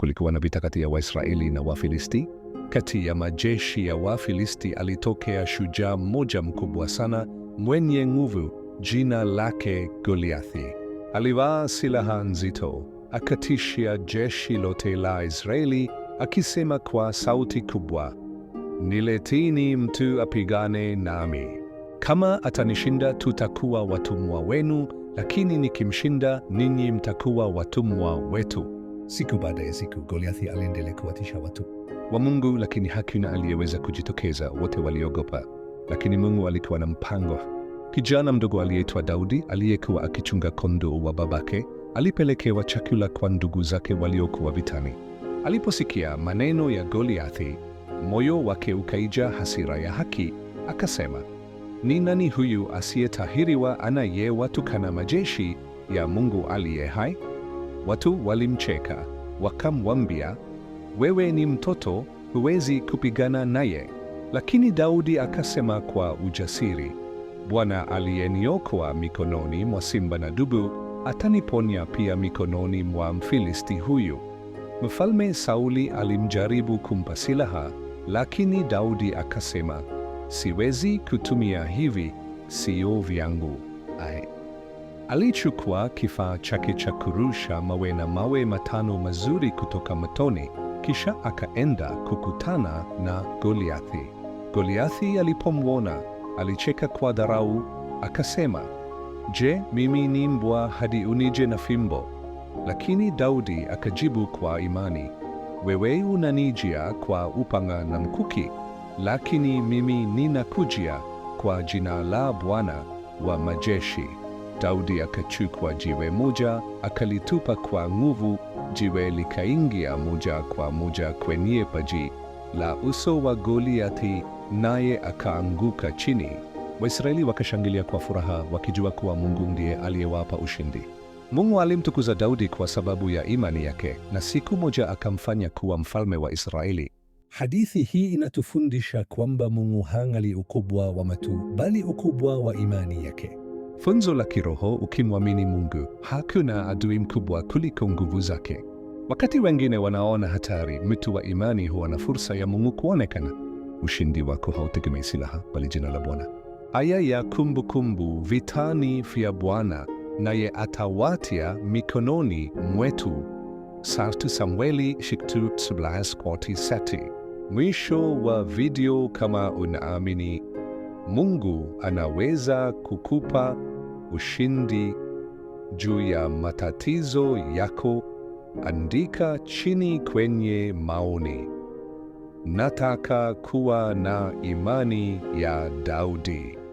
Kulikuwa na vita kati ya Waisraeli na Wafilisti. Kati ya majeshi ya Wafilisti alitokea shujaa mmoja mkubwa sana mwenye nguvu, jina lake Goliathi. Alivaa silaha nzito, akatishia jeshi lote la Israeli akisema kwa sauti kubwa, niletini mtu apigane nami. Kama atanishinda tutakuwa watumwa wenu, lakini nikimshinda ninyi mtakuwa watumwa wetu. Siku baada ya siku, Goliathi aliendelea watu wa Mungu, lakini hakuna aliyeweza kujitokeza, wote waliogopa. Lakini Mungu alikuwa na mpango. Kijana mdogo aliyeitwa Daudi aliyekuwa akichunga kondoo wa babake alipelekewa chakula kwa ndugu zake waliokuwa vitani. Aliposikia maneno ya Goliathi, moyo wake ukaija hasira ya haki, akasema, ni nani huyu asiyetahiriwa anayewatukana majeshi ya Mungu aliye hai? Watu walimcheka wakamwambia, wewe ni mtoto, huwezi kupigana naye. Lakini Daudi akasema kwa ujasiri, Bwana aliyeniokoa mikononi mwa simba na dubu ataniponya pia mikononi mwa Mfilisti huyu. Mfalme Sauli alimjaribu kumpa silaha, lakini Daudi akasema, siwezi kutumia hivi, sio vyangu. Ai. Alichukua kifaa chake cha kurusha mawe na mawe matano mazuri kutoka matoni, kisha akaenda kukutana na Goliathi. Goliathi alipomwona alicheka kwa dharau, akasema, Je, mimi ni mbwa hadi unije na fimbo? Lakini Daudi akajibu kwa imani, wewe unanijia kwa upanga na mkuki, lakini mimi ninakujia kwa jina la Bwana wa majeshi. Daudi akachukua jiwe moja akalitupa kwa nguvu, jiwe likaingia moja kwa moja kwenye paji la uso wa Goliathi, naye akaanguka chini. Waisraeli wakashangilia kwa furaha, wakijua kuwa Mungu ndiye aliyewapa ushindi. Mungu alimtukuza Daudi kwa sababu ya imani yake, na siku moja akamfanya kuwa mfalme wa Israeli. Hadithi hii inatufundisha kwamba Mungu hangali ukubwa wa matu, bali ukubwa wa imani yake. Funzo la kiroho: ukimwamini Mungu, hakuna adui mkubwa kuliko nguvu zake. Wakati wengine wanaona hatari, mtu wa imani huwa na fursa ya Mungu kuonekana. Ushindi wako hautegemei silaha, bali jina la Bwana. Aya ya Kumbukumbu vitani vya Bwana, naye atawatia mikononi mwetu. Sartu Samueli shiktu Sblahas kwati seti. Mwisho wa video. Kama unaamini Mungu anaweza kukupa ushindi juu ya matatizo yako. Andika chini kwenye maoni. Nataka kuwa na imani ya Daudi.